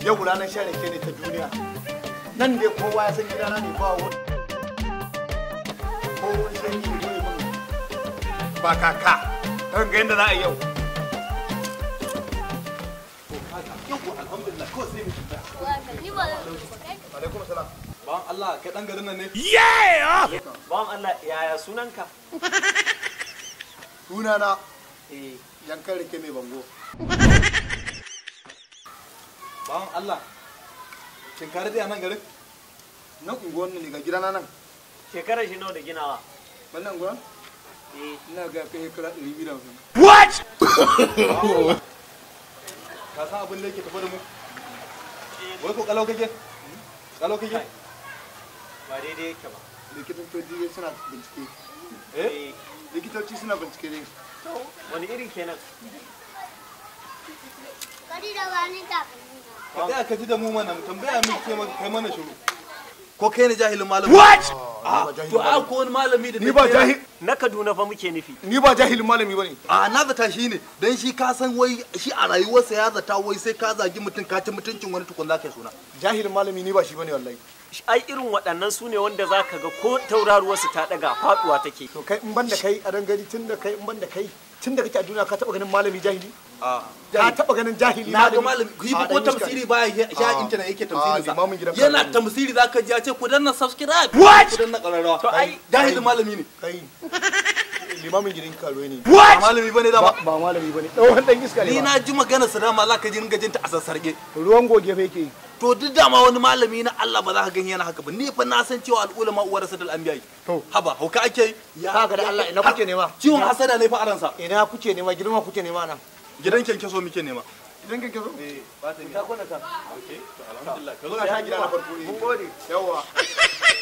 yau ranar share ke ne ta duniya nan dai kowa ya san gidana ne ba wani kowa sai yi ne ba kaka kan ga yadda za a yau Allah, garin nan ne? Yeah! Bawan Allah, yaya sunanka? Sunana, eh, yankan rike mai bango. bawan Allah tinkari dai a garin nan unguwar ne ga gidana nan shekarar shi nawa da ginawa wannan unguwar eh. ina ga kai shekara ɗari biyu da what ka san abin da yake tafi da mu wai ko kalau kake kalau kake ba daidai yake ba likitoci suna bincike eh, eh. likitoci suna bincike ne wani irin kenan Kari da wani tafi ka tsaya ka ji da mu mana mu tambaya mu ce maka kai mana shiru ko kai ne jahilin malami what ah, to a ko wani malami da ni ba jahil na Kaduna fa muke nufi ni ba jahilin malami bane a ah, na zata shi ne dan shi ka san wai shi a rayuwarsa ya zata wai sai ka zagi mutum ka ci mutuncin wani tukun zaka suna jahilin malami ni ba shi bane wallahi ai irin waɗannan su ne wanda za ka ga ko tauraruwarsu ta ɗaga faɗuwa take to kai in ban da kai a rangari tun da kai in ban da kai tun da kake a duniya ka taɓa ganin malami jahili Ah. ka taba ganin jahili na ga malam yi ko ah, tamsiri baya ya ah. intanet yake tamsiri sa yana tamsiri zaka ji a ce ku danna subscribe ku danna kararrawa to ai jahili malami ne kai limamin gidan karo ne ba malami bane da ba ba malami bane dan wannan iska ne ni na ji magana su dama zaka ji ringa jinta a sassarge ruwan goge fa yake to duk dama wani malami na Allah ba za ka gani yana haka ba ni fa na san cewa al'ulama uwar sadal anbiya to haba hauka ake ya ga da Allah ina kuke nema ciwon hasada ne fa aransa ina kuke nema girma kuke nema nan gidan kyankyaso muke nema gidan kyankyaso eh ba ta gida ta kona kan okay to alhamdulillah ka zo ka sha gida na farko eh yawa